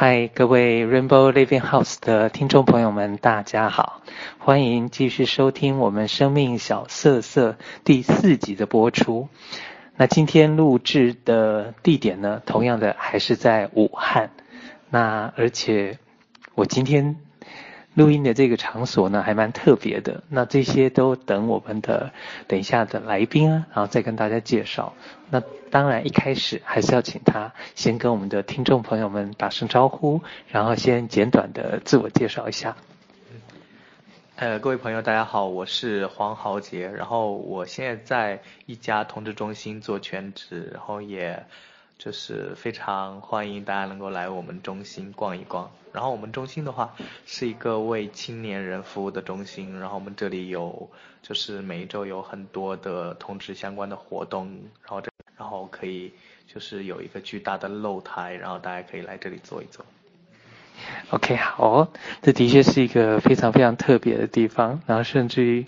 嗨，各位 Rainbow Living House 的聽眾朋友們，大家好，歡迎繼續收聽我們《生命小色舍》第四集的播出。那今天錄製的地點呢，同樣的還是在武漢。那而且我今天。錄音的這個場所呢，還蠻特別的。那這些都等我們的等一下的來賓啊，然後再跟大家介紹。那當然一開始還是要請他先跟我們的聽眾朋友們打聲招呼，然後先簡短的自我介紹一下。呃，各位朋友，大家好，我是黃豪杰，然後我現在在一家同志中心做全職，然後也。就是非常歡迎大家能夠來我們中心逛一逛，然後我們中心的話是一個為青年人服務的中心，然後我們這裡有就是每一周有很多的同志相關的活動，然後這然後可以就是有一個巨大的露台，然後大家可以來這裡坐一坐。OK，好，oh，這的確是一個非常非常特別的地方，然後甚至於。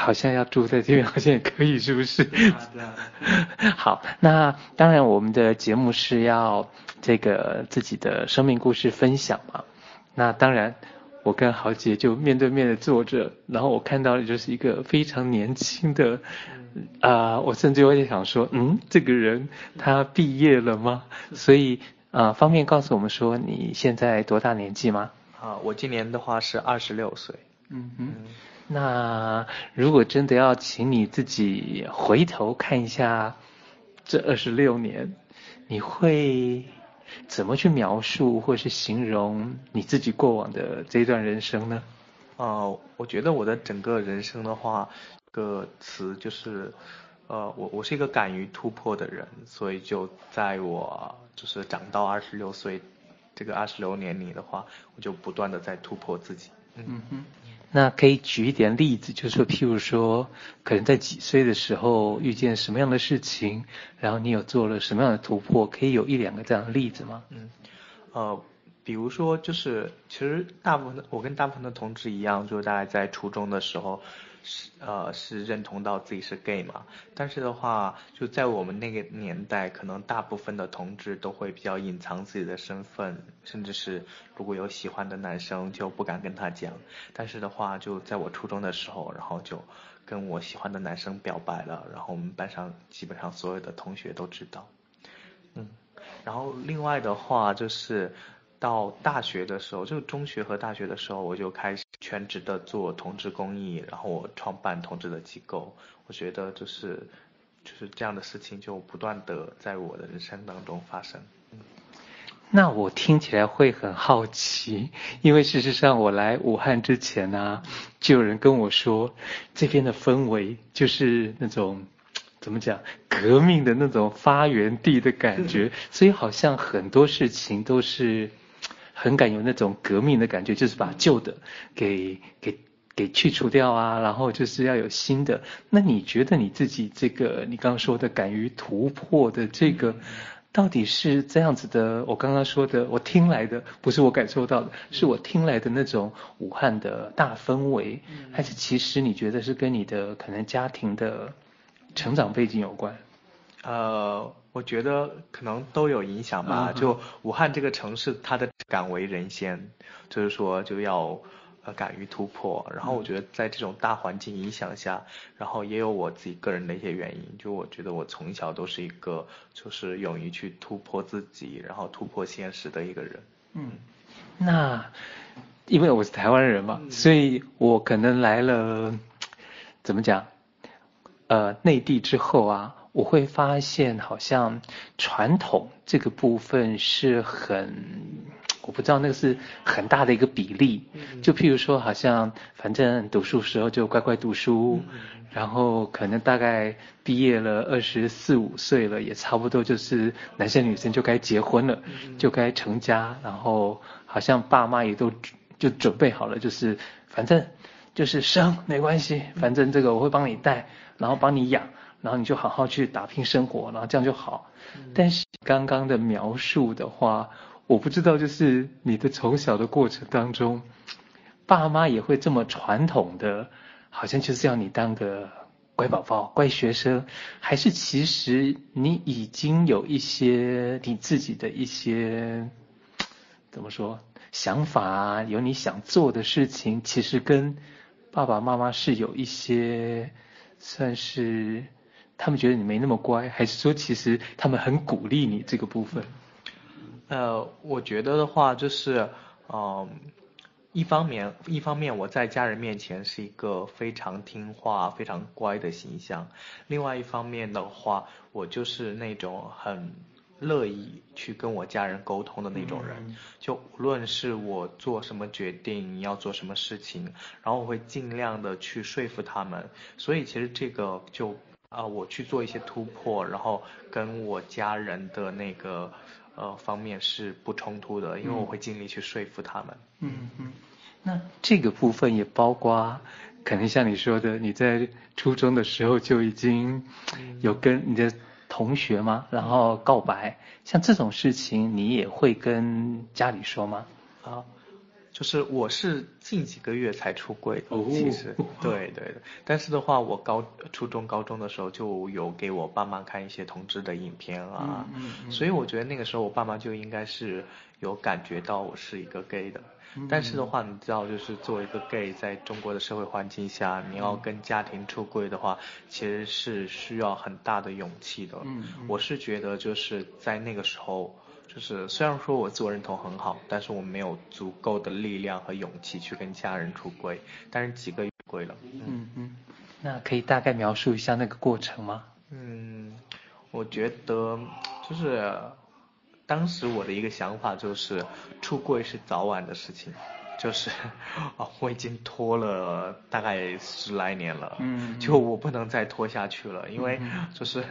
好像要住在這邊，好像也可以，是不是？好的。好，那當然，我們的節目是要這個自己的生命故事分享嘛。那當然，我跟豪杰就面對面的坐着，然後我看到的就是一個非常年輕的，啊、mm-hmm. 呃，我甚至有點想說，嗯，這個人他畢業了嗎？所以啊、呃，方便告訴我們說你現在多大年紀嗎？啊、uh，我今年的話是二十六歲。嗯嗯。那如果真的要請你自己回頭看一下這二十六年，你會怎麼去描述或是形容你自己過往的這一段人生呢？啊、呃，我覺得我的整個人生的話，個詞就是，呃，我我是一個敢於突破的人，所以就在我就是長到二十六歲這個二十六年裡的話，我就不斷的在突破自己。嗯哼。那可以舉一點例子，就是譬如說，可能在幾歲的時候遇見什麼樣的事情，然後你有做了什麼樣的突破，可以有一兩個這樣的例子嗎？嗯，呃，比如說，就是其實大部分的我跟大部分的同志一樣，就是大概在初中的時候。是呃是認同到自己是 gay 嘛，但是的話就在我們那個年代，可能大部分的同志都會比較隱藏自己的身份，甚至是如果有喜歡的男生就不敢跟他講。但是的話就在我初中的時候，然後就跟我喜歡的男生表白了，然後我們班上基本上所有的同學都知道。嗯，然後另外的話就是。到大學的時候，就中學和大學的時候，我就開始全職的做同志公益，然後我創辦同志的機構。我覺得就是，就是這樣的事情就不斷的在我的人生當中發生。那我聽起來會很好奇，因為事實上我來武漢之前呢、啊，就有人跟我說，這邊的氛圍就是那種，怎麼講，革命的那種發源地的感覺，所以好像很多事情都是。很敢有那種革命的感覺，就是把舊的給給給去除掉啊，然後就是要有新的。那你覺得你自己這個你剛剛說的敢於突破的這個，到底是這樣子的？我剛剛說的，我聽來的不是我感受到的，是我聽來的那種武漢的大氛圍，還是其實你覺得是跟你的可能家庭的成長背景有關？呃。我覺得可能都有影響吧。啊、就武漢這個城市，它的敢為人先，就是說就要呃敢於突破。然後我覺得在這種大環境影響下、嗯，然後也有我自己個人的一些原因。就我覺得我從小都是一個就是勇於去突破自己，然後突破現實的一個人。嗯，那因為我是台灣人嘛、嗯，所以我可能來了，怎麼講？呃，內地之後啊。我會發現，好像傳統這個部分是很，我不知道那個是很大的一個比例。就譬如說，好像反正讀書時候就乖乖讀書，然後可能大概畢業了二十四五歲了，也差不多就是男生女生就該結婚了，就該成家，然後好像爸媽也都就準備好了，就是反正就是生，沒關係，反正這個我會幫你帶，然後幫你養。然後你就好好去打拼生活，然後這樣就好。但是剛剛的描述的話，我不知道就是你的從小的過程當中，爸媽也會這麼傳統的，好像就是要你當個乖寶寶、乖學生，還是其實你已經有一些你自己的一些怎麼說想法，有你想做的事情，其實跟爸爸媽媽是有一些算是。他們覺得你沒那麼乖，還是說其實他們很鼓勵你這個部分？呃，我覺得的話就是，嗯、呃，一方面一方面我在家人面前是一個非常聽話、非常乖的形象，另外一方面的話，我就是那種很樂意去跟我家人溝通的那種人，嗯、就無論是我做什麼決定，要做什麼事情，然後我會盡量的去說服他們，所以其實這個就。啊、呃，我去做一些突破，然後跟我家人的那個呃方面是不衝突的，因為我會盡力去說服他們。嗯嗯，那這個部分也包括，可能像你說的，你在初中的時候就已經有跟你的同學嗎？然後告白，像這種事情，你也會跟家裡說嗎？啊。就是我是近幾個月才出櫃的，oh, 其實，哦、對對的。對 但是的話，我高初中高中的時候就有給我爸媽看一些同志的影片啊、嗯嗯嗯，所以我覺得那個時候我爸媽就應該是有感覺到我是一個 gay 的。嗯、但是的話，你知道，就是作為一個 gay，在中國的社會環境下，你要跟家庭出櫃的話，嗯、其實是需要很大的勇氣的、嗯嗯。我是覺得就是在那個時候。就是雖然說我自我認同很好，但是我沒有足夠的力量和勇氣去跟家人出櫃，但是幾個月出櫃了。嗯嗯，那可以大概描述一下那個過程嗎？嗯，我覺得就是當時我的一個想法就是出櫃是早晚的事情，就是啊、哦、我已經拖了大概十來年了，嗯，就我不能再拖下去了、嗯，因為就是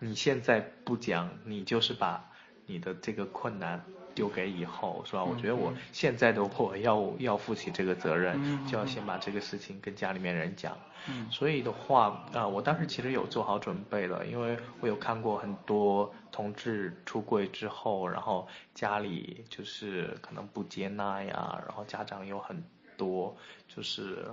你現在不講，你就是把。你的這個困難丟給以後是吧？我覺得我現在的話要要負起這個責任，就要先把這個事情跟家裡面人講。嗯，所以的話啊，呃，我當時其實有做好準備了，因為我有看過很多同志出櫃之後，然後家裡就是可能不接納呀，然後家長有很多就是。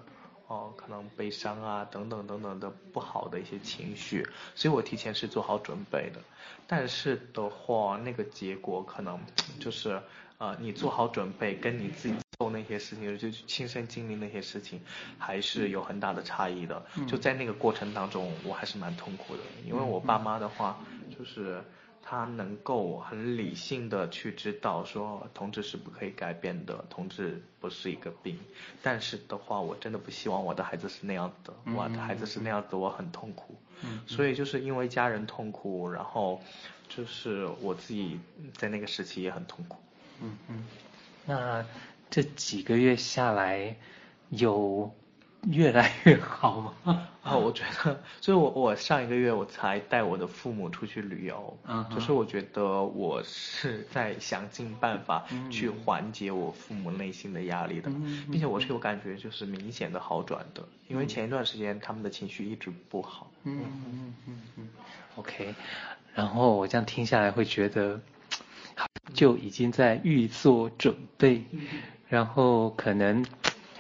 哦、呃，可能悲傷啊，等等等等的不好的一些情緒，所以我提前是做好準備的，但是的話，那個結果可能就是，呃，你做好準備跟你自己做那些事情，就親身經歷那些事情，還是有很大的差異的。就在那個過程當中，我還是蠻痛苦的，因為我爸媽的話就是。他能夠很理性的去知道說，同志是不可以改變的，同志不是一個病。但是的話，我真的不希望我的孩子是那樣的。我的孩子是那樣子，我很痛苦。嗯嗯嗯，所以就是因為家人痛苦，然後就是我自己在那個時期也很痛苦。嗯嗯，那這幾個月下來有。越來越好嘛？ 啊，我覺得，所以我，我上一個月我才帶我的父母出去旅遊，嗯、uh-huh.，就是我覺得我是在想盡辦法去緩解我父母內心的壓力的，並且、uh-huh. 我是有感覺，就是明顯的好轉的，uh-huh. 因為前一段時間他們的情緒一直不好。嗯嗯嗯嗯嗯。OK，然後我這樣聽下來會覺得，就已經在預做準備，然後可能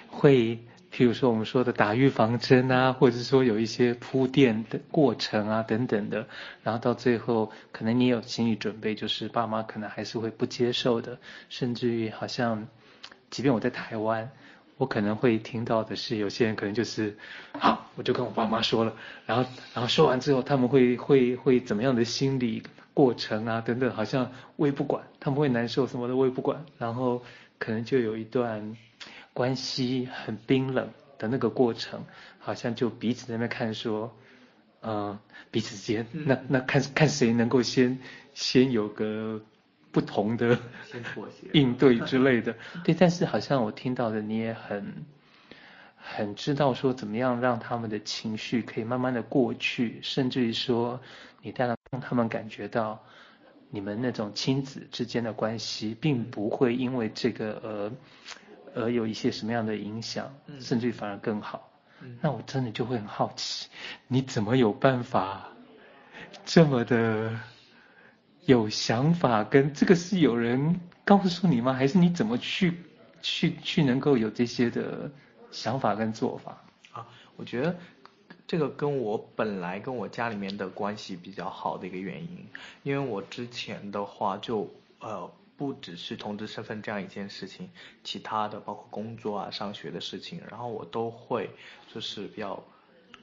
會。譬如說我們說的打預防針啊，或者說有一些鋪墊的過程啊等等的，然後到最後可能你有心理準備，就是爸媽可能還是會不接受的，甚至於好像，即便我在台灣，我可能會聽到的是有些人可能就是，好我就跟我爸媽說了，然後然後說完之後他們會會會怎麼樣的心理過程啊等等，好像我也不管，他們會難受什麼的我也不管，然後可能就有一段。關係很冰冷的那個過程，好像就彼此在那邊看說，嗯、呃，彼此間那那看看誰能夠先先有個不同的應對之類的，對。但是好像我聽到的你也很很知道說怎麼樣讓他們的情緒可以慢慢的過去，甚至於說你帶讓讓他們感覺到你們那種親子之間的關係並不會因為這個呃。而有一些什麼樣的影響，嗯、甚至於反而更好、嗯，那我真的就會很好奇，你怎麼有辦法這麼的有想法跟，跟這個是有人告訴你嗎？還是你怎麼去去去能夠有這些的想法跟做法？啊，我覺得這個跟我本來跟我家裡面的關係比較好的一個原因，因為我之前的話就呃。不只是同志身份這樣一件事情，其他的包括工作啊、上學的事情，然後我都會就是比較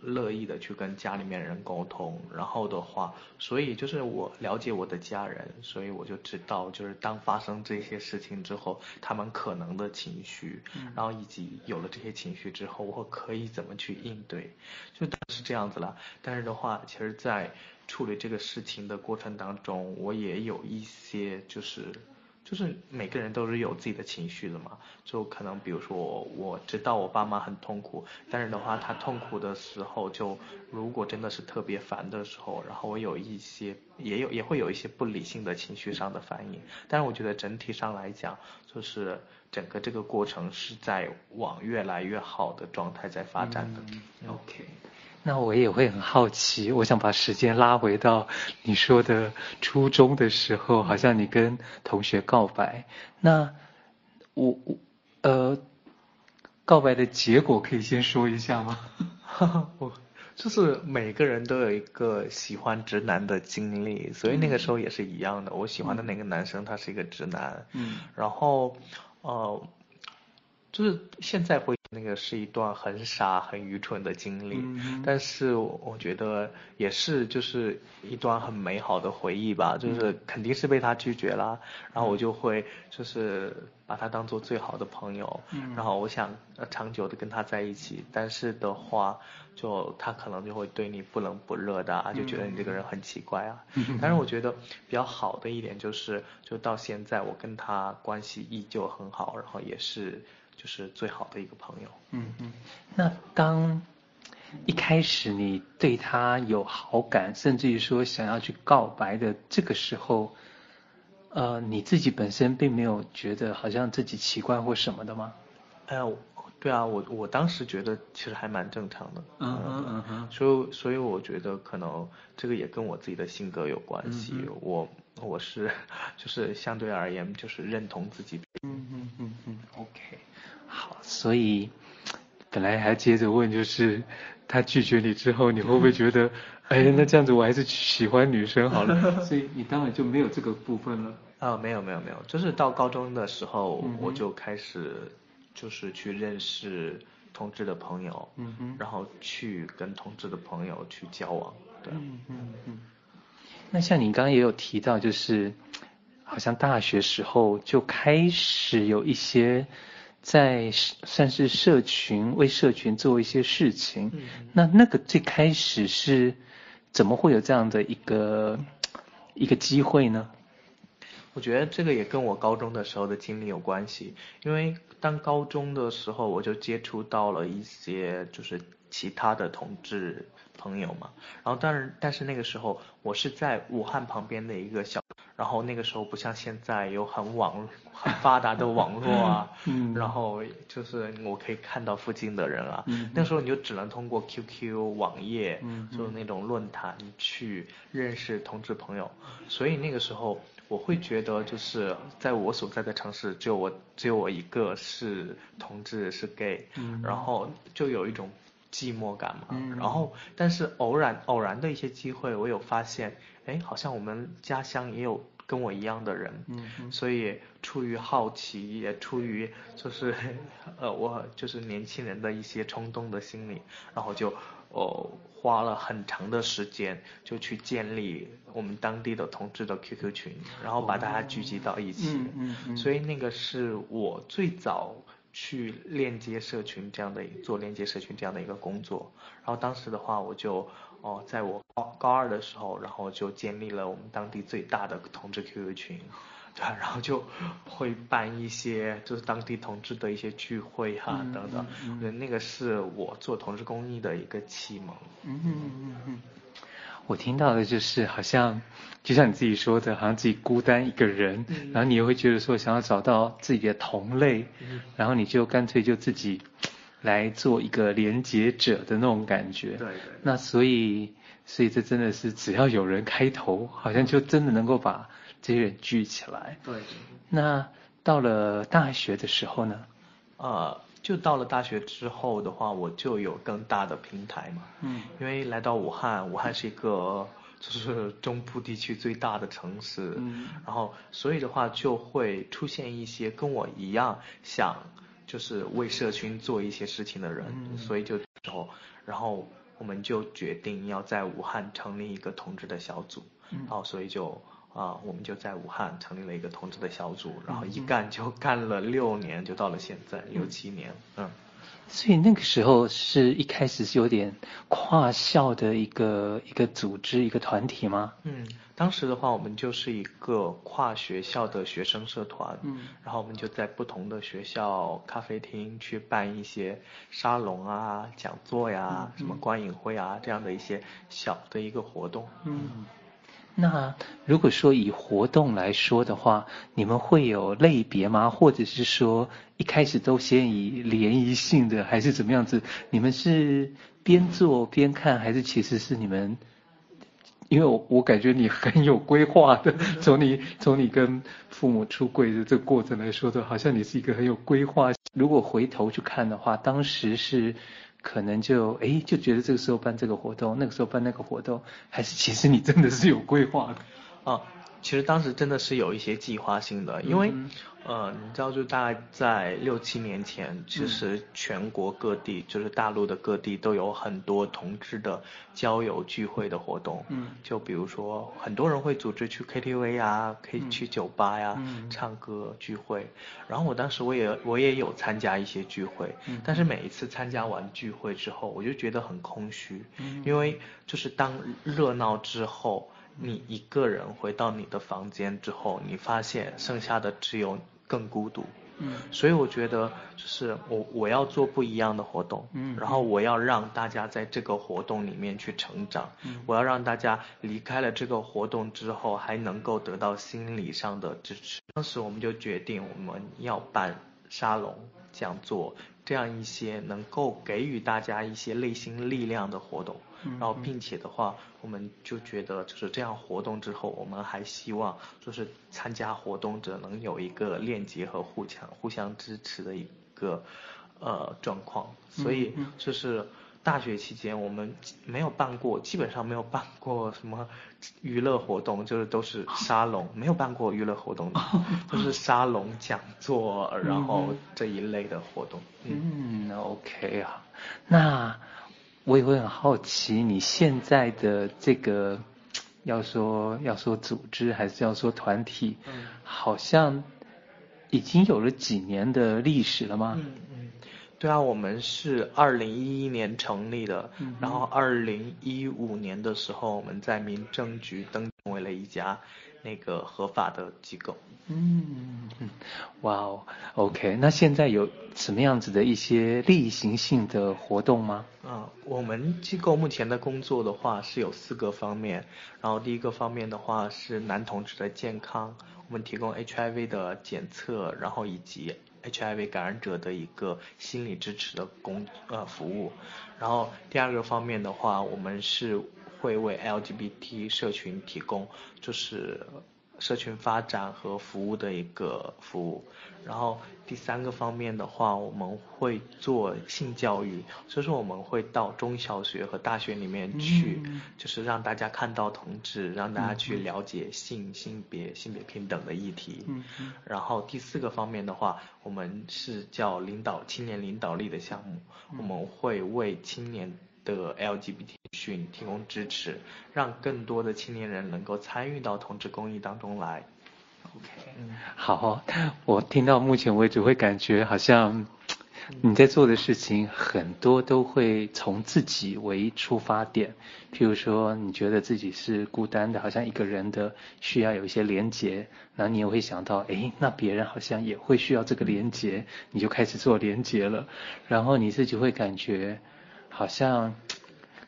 樂意的去跟家裡面人溝通。然後的話，所以就是我了解我的家人，所以我就知道，就是當發生這些事情之後，他們可能的情緒、嗯，然後以及有了這些情緒之後，我可以怎麼去應對，就當是這樣子了。但是的話，其實，在處理這個事情的過程當中，我也有一些就是。就是每個人都是有自己的情緒的嘛，就可能比如說我，我知道我爸媽很痛苦，但是的話他痛苦的時候，就如果真的是特別煩的時候，然後我有一些，也有，也會有一些不理性的情緒上的反應，但是我覺得整體上來講，就是整個這個過程是在往越來越好的狀態在發展的。嗯，OK。那我也會很好奇，我想把時間拉回到你說的初中的時候，好像你跟同學告白，那我我呃告白的結果可以先說一下嗎？哈哈，我就是每個人都有一個喜歡直男的經歷，所以那個時候也是一樣的。我喜歡的那個男生他是一個直男，嗯，然後呃就是現在回。那個是一段很傻、很愚蠢的經歷、嗯，但是我覺得也是就是一段很美好的回憶吧。嗯、就是肯定是被他拒絕了，嗯、然後我就會就是把他當做最好的朋友、嗯，然後我想長久的跟他在一起。嗯、但是的話，就他可能就會對你不冷不熱的啊，啊、嗯，就覺得你這個人很奇怪啊、嗯。但是我覺得比較好的一點就是，就到現在我跟他關係依舊很好，然後也是。就是最好的一個朋友。嗯嗯，那當一開始你對他有好感，甚至於說想要去告白的這個時候，呃，你自己本身並沒有覺得好像自己奇怪或什麼的嗎？呃，對啊，我我當時覺得其實還蠻正常的。嗯嗯嗯嗯。所以所以我覺得可能這個也跟我自己的性格有關係。嗯嗯、我我是就是相對而言就是認同自己。嗯嗯嗯嗯。OK。好，所以本來還接着問，就是他拒絕你之後，你會不會覺得， 哎，那這樣子我還是喜歡女生好了？ 所以你當然就沒有這個部分了。啊、 呃，沒有沒有沒有，就是到高中的時候、嗯，我就開始就是去認識同志的朋友、嗯，然後去跟同志的朋友去交往，對。嗯嗯嗯。那像你剛剛也有提到，就是好像大學時候就開始有一些。在算是社群，為社群做一些事情，嗯。那那個最開始是怎麼會有這樣的一個一個機會呢？我覺得這個也跟我高中的時候的經歷有關係。因為當高中的時候，我就接觸到了一些就是其他的同志朋友嘛。然後當然，但是那個時候我是在武漢旁邊的一個小。然後那個時候不像現在有很網很發達的網絡啊、 嗯，然後就是我可以看到附近的人啊，嗯、那時候你就只能通過 QQ 網頁，嗯，就那種論壇去認識同志朋友、嗯，所以那個時候我會覺得就是在我所在的城市只有我只有我一個是同志是 gay、嗯、然後就有一種寂寞感嘛，嗯、然後但是偶然偶然的一些機會我有發現。哎，好像我們家鄉也有跟我一樣的人，嗯，嗯，所以出於好奇，也出於就是，呃，我就是年輕人的一些衝動的心理，然後就，哦、呃，花了很長的時間就去建立我們當地的同志的 QQ 群，然後把大家聚集到一起，嗯嗯，嗯，所以那個是我最早。去鏈接社群這樣的做鏈接社群這樣的一個工作，然後當時的話我就哦、呃，在我高高二的時候，然後就建立了我們當地最大的同志 QQ 群，對、啊，然後就會辦一些就是當地同志的一些聚會哈、啊 mm-hmm. 等等，對，那個是我做同志公益的一個啟蒙。嗯嗯嗯嗯。我聽到的就是，好像就像你自己說的，好像自己孤單一個人，嗯、然後你也會覺得說想要找到自己的同類、嗯，然後你就乾脆就自己來做一個連接者的那種感覺。對，對，對。那所以，所以這真的是只要有人開頭，好像就真的能夠把這些人聚起來。對，對，對。那到了大學的時候呢？啊。就到了大學之後的話，我就有更大的平台嘛。嗯，因為來到武漢，武漢是一個就是中部地區最大的城市。嗯，然後所以的話就會出現一些跟我一樣想就是為社群做一些事情的人。嗯，所以就然後，然後我們就決定要在武漢成立一個同志的小組。嗯，然後所以就。啊，我們就在武漢成立了一個同志的小組，然後一幹就幹了六年，嗯、就到了現在、嗯、六七年。嗯，所以那個時候是一開始是有點跨校的一個一個組織一個團體嗎？嗯，當時的話我們就是一個跨學校的學生社團。嗯，然後我們就在不同的學校咖啡廳去辦一些沙龍啊、講座呀、啊嗯、什麼觀影會啊這樣的一些小的一個活動。嗯。嗯那如果說以活動來說的話，你們會有類別嗎？或者是說一開始都先以聯誼性的，還是怎麼樣子？你們是邊做邊看，還是其實是你們？因為我我感覺你很有規劃的，從你從你跟父母出櫃的這個過程來說的，好像你是一個很有規劃。如果回頭去看的話，當時是可能就誒就覺得這個時候辦這個活動，那個時候辦那個活動，還是其實你真的是有規劃的啊？其實當時真的是有一些計劃性的，因為，嗯、呃，你知道，就大概在六七年前、嗯，其實全國各地，就是大陸的各地，都有很多同志的交友聚會的活動。嗯。就比如說，很多人會組織去 KTV 啊，可以去酒吧呀，嗯、唱歌聚會。然後我當時我也我也有參加一些聚會，但是每一次參加完聚會之後，我就覺得很空虛。嗯。因為就是當熱鬧之後。嗯嗯嗯你一個人回到你的房間之後，你發現剩下的只有更孤獨。嗯，所以我覺得就是我我要做不一樣的活動，嗯，然後我要讓大家在這個活動裡面去成長，嗯，我要讓大家離開了這個活動之後還能夠得到心理上的支持。當時我們就決定我們要辦沙龍講座。這樣一些能夠給予大家一些內心力量的活動，然後並且的話，我們就覺得就是這樣活動之後，我們還希望就是參加活動者能有一個鏈接和互相互相支持的一個呃狀況，所以就是。大學期間，我們沒有辦過，基本上沒有辦過什麼娛樂活動，就是都是沙龍，oh. 沒有辦過娛樂活動，oh. 都是沙龍講座，oh. 然後這一類的活動。嗯，嗯，OK 啊，那我也會很好奇，你現在的這個，要說要說組織，還是要說團體，嗯，好像已經有了幾年的歷史了嗎？嗯對啊，我們是二零一一年成立的，嗯、然後二零一五年的時候，我們在民政局登記為了一家，那個合法的機構。嗯，哇哦，OK，那現在有什麼樣子的一些例行性的活動嗎？啊、嗯，我們機構目前的工作的話是有四個方面，然後第一個方面的話是男同志的健康，我們提供 HIV 的檢測，然後以及。HIV 感染者的一個心理支持的工呃服務，然後第二個方面的話，我們是會為 LGBT 社群提供，就是。社群發展和服務的一個服務，然後第三個方面的話，我們會做性教育，所以說我們會到中小學和大學裡面去，嗯、就是讓大家看到同志，讓大家去了解性、嗯、性別、性別平等的議題、嗯。然後第四個方面的話，我們是叫領導青年領導力的項目，我們會為青年。的 LGBT 群提供支持，讓更多的青年人能夠參與到同志公益當中來。OK，好、哦，我聽到目前為止會感覺好像你在做的事情、嗯、很多都會從自己為出發點，譬如說你覺得自己是孤單的，好像一個人的需要有一些連接，那你也會想到，哎，那別人好像也會需要這個連接，你就開始做連接了，然後你自己會感覺。好像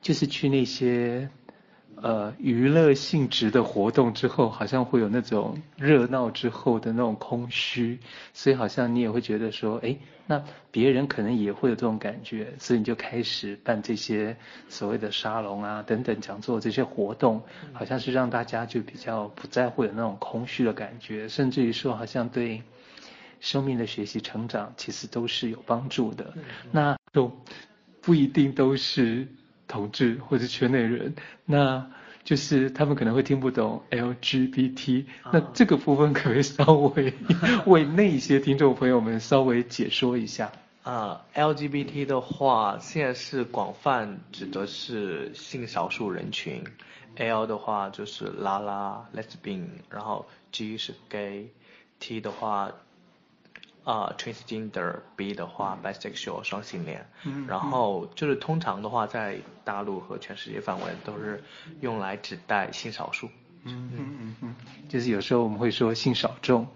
就是去那些呃娛樂性質的活動之後，好像會有那種熱鬧之後的那種空虛，所以好像你也會覺得說，哎，那別人可能也會有這種感覺，所以你就開始辦這些所謂的沙龍啊等等講座這些活動，好像是讓大家就比較不在乎有那種空虛的感覺，甚至於說好像對生命的學習成長其實都是有幫助的。那就。不一定都是同志或者圈內人，那就是他們可能會聽不懂 LGBT，嗯、那這個部分可，可以稍微、嗯、為那些聽眾朋友們稍微解說一下。啊，LGBT 的話，現在是廣泛指的是性少數人群。L 的話就是拉拉、Lesbian，然後 G 是 Gay，T 的話。啊、uh，transgender B 的話，bisexual 雙性戀，嗯，然後就是通常的話，在大陸和全世界範圍都是用來指代性少數。嗯嗯嗯嗯，就是有時候我們會說性少眾。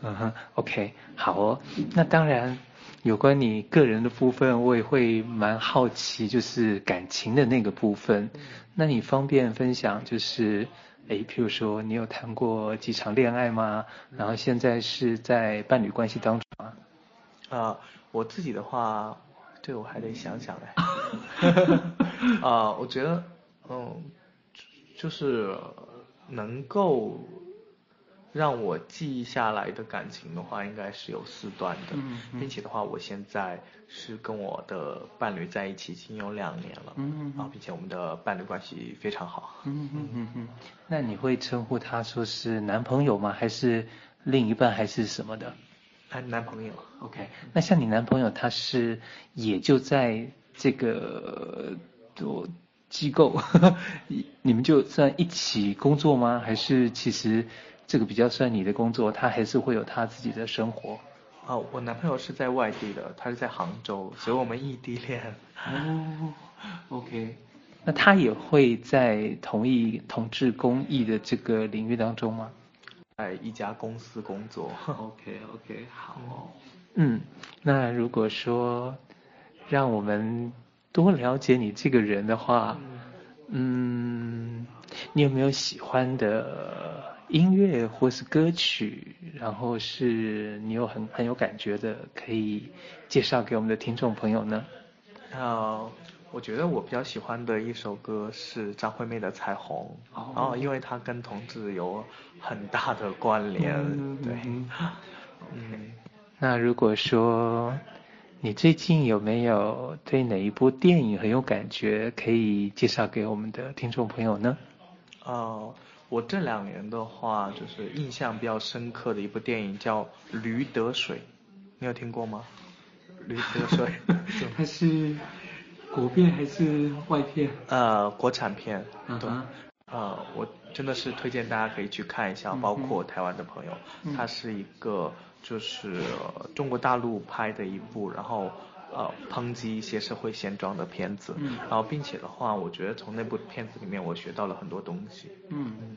嗯、uh、哼 -huh，OK，好哦。那當然，有關你個人的部分，我也會蠻好奇，就是感情的那個部分。那你方便分享，就是誒，譬如說你有談過幾場戀愛嗎？然後現在是在伴侶關係當中？啊，啊，我自己的話，對，我還得想想嘞。啊、 呃，我覺得，嗯、呃，就是能夠讓我記下來的感情的話，應該是有四段的。嗯，嗯，並且的話，我現在是跟我的伴侶在一起已經有兩年了。嗯嗯。啊，並且我們的伴侶關係非常好。嗯嗯嗯嗯。那你會稱呼他說是男朋友嗎？還是另一半？還是什麼的？男朋友，OK，那像你男朋友他是也就在這個做機構， 你們就算一起工作嗎？還是其實這個比較算你的工作，他還是會有他自己的生活？啊、哦，我男朋友是在外地的，他是在杭州，所以我們異地戀。哦 ，OK，那他也會在同一同志公益的這個領域當中嗎？在一家公司工作。OK，OK，好哦。嗯，那如果說讓我們多了解你這個人的話，嗯，你有沒有喜歡的音樂或是歌曲？然後是你有很很有感覺的，可以介紹給我們的聽眾朋友呢？好。我覺得我比較喜歡的一首歌是張惠妹的《彩虹》哦，哦，因為她跟同志有很大的關聯，嗯、對。嗯，okay. 那如果說你最近有沒有對哪一部電影很有感覺，可以介紹給我們的聽眾朋友呢？哦、呃，我這兩年的話，就是印象比較深刻的一部電影叫《驢得水》，你有聽過嗎？ 驢得德水，它 是。國片還是外片？呃，國產片。嗯、對啊。呃，我真的是推薦大家可以去看一下，uh -huh. 包括台灣的朋友。Uh -huh. 他是一個就是、呃、中國大陸拍的一部，然後呃抨擊一些社會現狀的片子。Uh -huh. 然後，並且的話，我覺得從那部片子裡面，我學到了很多東西。嗯嗯。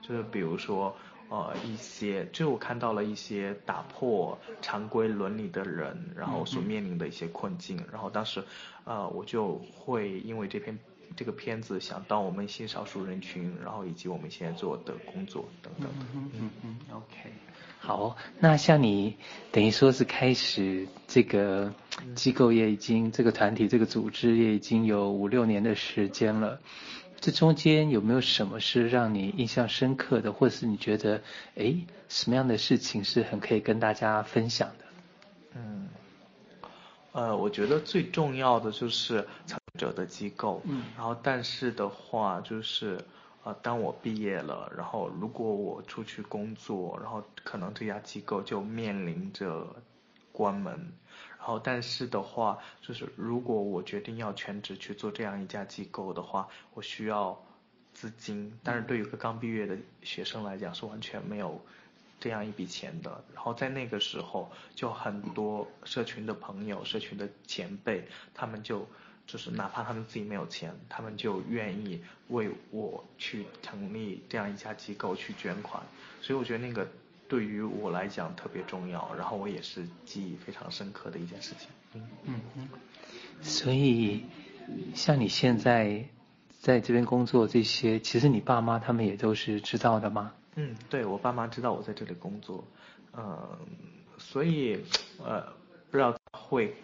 就是比如說。呃，一些就我看到了一些打破常規倫理的人，然後所面臨的一些困境，然後當時，呃，我就會因為這篇這個片子想到我們性少數人群，然後以及我們現在做的工作等等的。嗯嗯，OK，好，那像你等於說是開始這個機構也已經，這個團體這個組織也已經有五六年的時間了。這中間有沒有什麼是讓你印象深刻的，或者是你覺得，哎，什麼樣的事情是很可以跟大家分享的？嗯，呃，我覺得最重要的就是參與者的機構。嗯。然後，但是的話，就是，呃，當我畢業了，然後如果我出去工作，然後可能這家機構就面臨着關門。然後，但是的話，就是，如果我決定要全職去做這樣一家機構的話，我需要資金，但是對於一個剛畢業的學生來講是完全沒有這樣一筆錢的。然後在那個時候，就很多社群的朋友、社群的前輩，他們就就是哪怕他們自己沒有錢，他們就願意為我去成立這樣一家機構去捐款。所以我覺得那個。對於我來講特別重要，然後我也是記憶非常深刻的一件事情。嗯嗯嗯。所以，像你現在在這邊工作，這些其實你爸媽他們也都是知道的嗎？嗯，對我爸媽知道我在這裡工作，嗯、呃，所以呃，不知道他會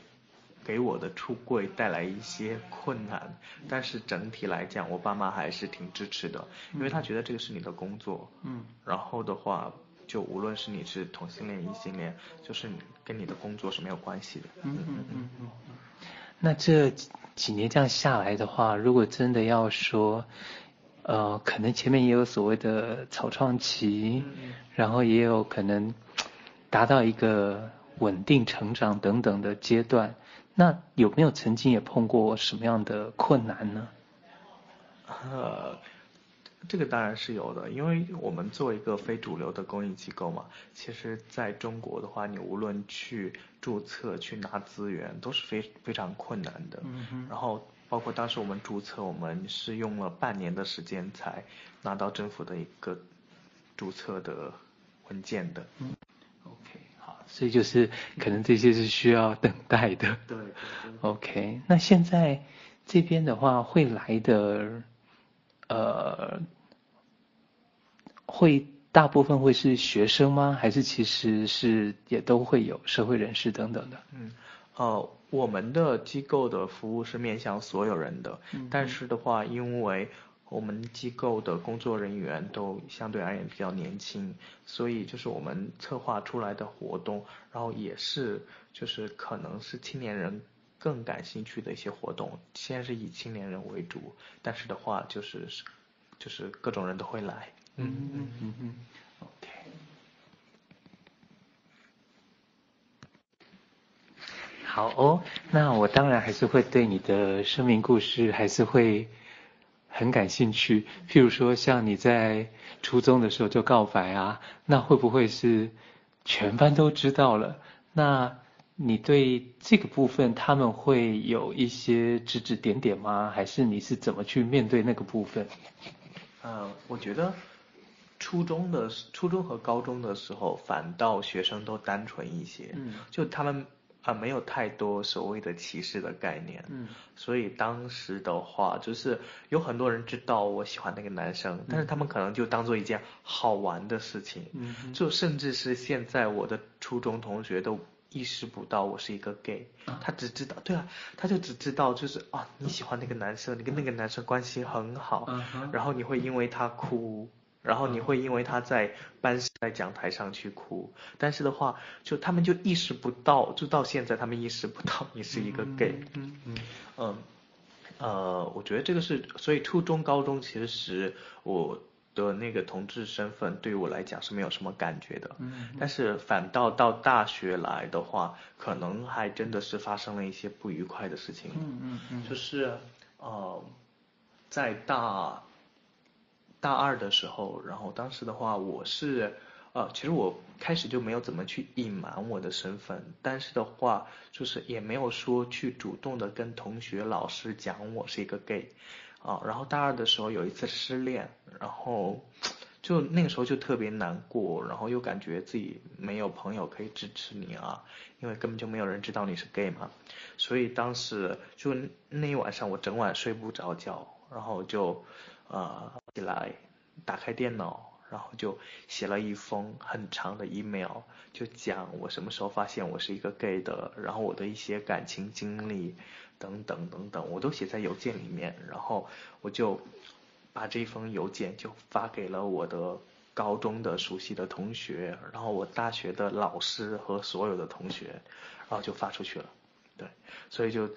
給我的出櫃帶來一些困難，但是整體來講，我爸媽還是挺支持的，因為他覺得這個是你的工作。嗯。然後的話。就無論是你是同性戀、異性戀，就是你跟你的工作是沒有關係的。嗯嗯嗯嗯。 那這幾年這樣下來的話，如果真的要說，呃，可能前面也有所謂的草創期嗯嗯，然後也有可能達到一個穩定成長等等的階段。那有沒有曾經也碰過什麼樣的困難呢？這個當然是有的，因為我們做一個非主流的公益機構嘛，其實在中國的話，你無論去註冊去拿資源，都是非非常困難的。嗯哼。然後包括當時我們註冊，我們是用了半年的時間才拿到政府的一個註冊的文件的。嗯。OK，好，所以就是可能這些是需要等待的。對。嗯。OK，那現在這邊的話會來的。呃，會大部分會是學生嗎？還是其實是也都會有社會人士等等的？嗯，呃，我們的機構的服務是面向所有人的，嗯，但是的話，因為我們機構的工作人員都相對而言比較年輕，所以就是我們策劃出來的活動，然後也是就是可能是青年人。更感興趣的一些活動，先是以青年人為主，但是的話就是，就是各種人都會來。嗯嗯嗯嗯，OK。好哦，那我當然還是會對你的生命故事還是會很感興趣。譬如說，像你在初中的時候就告白啊，那會不會是全班都知道了？那？你對這個部分他們會有一些指指點點嗎？還是你是怎麼去面對那個部分？嗯，我覺得初中的初中和高中的時候，反倒學生都單純一些，嗯，就他們啊沒有太多所謂的歧視的概念。嗯，所以當時的話，就是有很多人知道我喜歡那個男生，嗯，但是他們可能就當做一件好玩的事情。嗯，就甚至是現在我的初中同學都。意識不到我是一個 gay，他只知道，對啊，他就只知道就是啊，你喜歡那個男生，你跟那個男生關係很好，然後你會因為他哭，然後你會因為他在班在講台上去哭，但是的話，就他們就意識不到，就到現在他們意識不到你是一個 gay，嗯嗯，呃，呃，我覺得這個是，所以初中高中其實我。的那個同志身份對於我來講是沒有什麼感覺的，嗯嗯，但是反倒到大學來的話，可能還真的是發生了一些不愉快的事情，嗯嗯嗯，就是，呃，在大，大二的時候，然後當時的話，我是，呃，其實我開始就沒有怎麼去隱瞞我的身份，但是的話，就是也沒有說去主動的跟同學、老師講我是一個 gay。啊，然後大二的時候有一次失戀，然後就那個時候就特別難過，然後又感覺自己沒有朋友可以支持你啊，因為根本就沒有人知道你是 gay 嘛，所以當時就那一晚上我整晚睡不着覺，然後就呃起來打開電腦。然後就寫了一封很長的 email，就講我什麼時候發現我是一個 gay 的，然後我的一些感情經歷，等等等等，我都寫在郵件裡面。然後我就把這封郵件就發給了我的高中的熟悉的同學，然後我大學的老師和所有的同學，然後就發出去了。對，所以就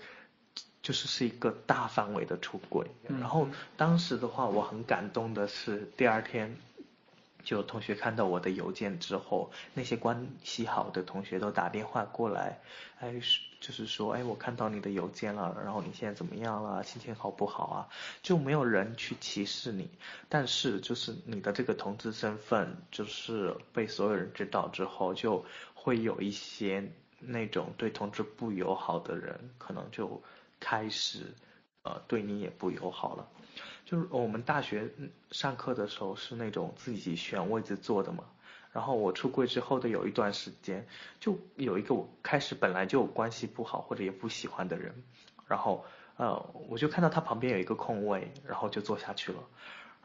就是是一個大範圍的出櫃。然後當時的話，我很感動的是第二天。就同學看到我的郵件之後，那些關係好的同學都打電話過來，哎，就是說，哎，我看到你的郵件了，然後你現在怎麼樣了？心情好不好啊？就沒有人去歧視你，但是就是你的這個同志身份，就是被所有人知道之後，就會有一些那種對同志不友好的人，可能就開始，呃，對你也不友好了。就是我們大學上課的時候是那種自己選位置坐的嘛，然後我出櫃之後的有一段時間，就有一個我開始本來就關係不好或者也不喜歡的人，然後呃我就看到他旁邊有一個空位，然後就坐下去了，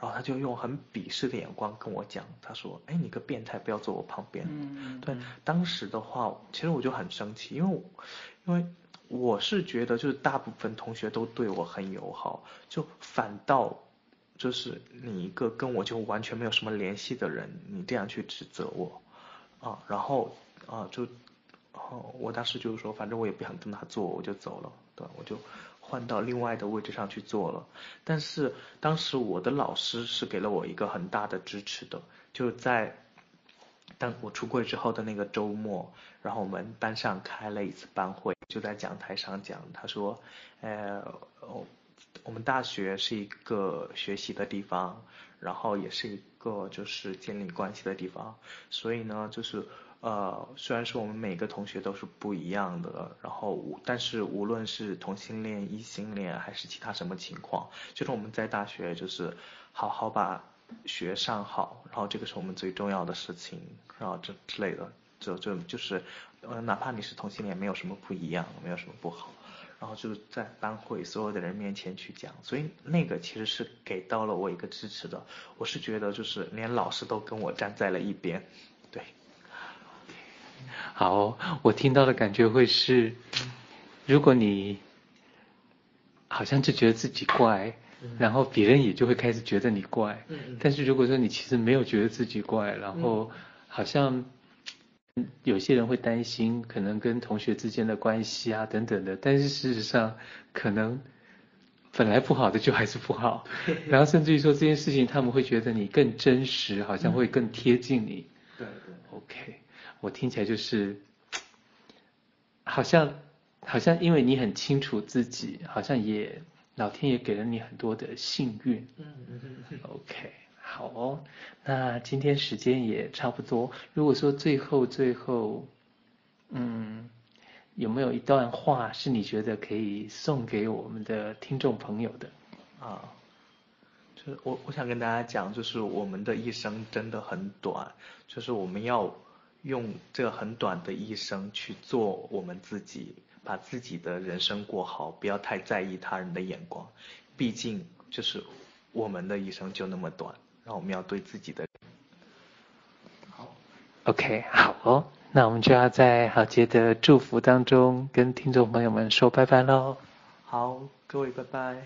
然後他就用很鄙視的眼光跟我講，他說：“哎，你個變態，不要坐我旁邊。”對。當時的話，其實我就很生氣，因為因為。我是覺得，就是大部分同學都對我很友好，就反倒就是你一個跟我就完全沒有什麼聯繫的人，你這樣去指責我，啊，然後啊就啊，我當時就是說，反正我也不想跟他做，我就走了，對，我就換到另外的位置上去做了。但是當時我的老師是給了我一個很大的支持的，就在。但我出櫃之後的那個週末，然後我們班上開了一次班會，就在講台上講，他說，呃、哎，我我們大學是一個學習的地方，然後也是一個就是建立關係的地方，所以呢，就是呃，雖然說我們每個同學都是不一樣的，然後但是無論是同性戀、異性戀還是其他什麼情況，就是我們在大學就是好好把。學上好，然後這個是我們最重要的事情，然後這之類的，就就就是，呃哪怕你是同性戀，沒有什麼不一樣，沒有什麼不好，然後就在班會所有的人面前去講，所以那個其實是給到了我一個支持的，我是覺得就是連老師都跟我站在了一邊，對，好，我聽到的感覺會是，如果你，好像就覺得自己怪。然後別人也就會開始覺得你怪，但是如果說你其實沒有覺得自己怪，然後好像，有些人會擔心可能跟同學之間的關係啊等等的，但是事實上可能本來不好的就還是不好，然後甚至於說這件事情他們會覺得你更真實，好像會更貼近你。對對。OK，我聽起來就是，好像好像因為你很清楚自己，好像也。老天爺給了你很多的幸運，嗯嗯嗯，OK 好哦，那今天時間也差不多，如果說最後最後，嗯，有沒有一段話是你覺得可以送給我們的聽眾朋友的啊？就是我我想跟大家講，就是我們的一生真的很短，就是我們要用這很短的一生去做我們自己。把自己的人生過好，不要太在意他人的眼光，畢竟就是我們的一生就那麼短，然後我們要對自己的好。OK，好哦，那我們就要在豪杰的祝福當中跟聽眾朋友們說拜拜嘍。好，各位拜拜。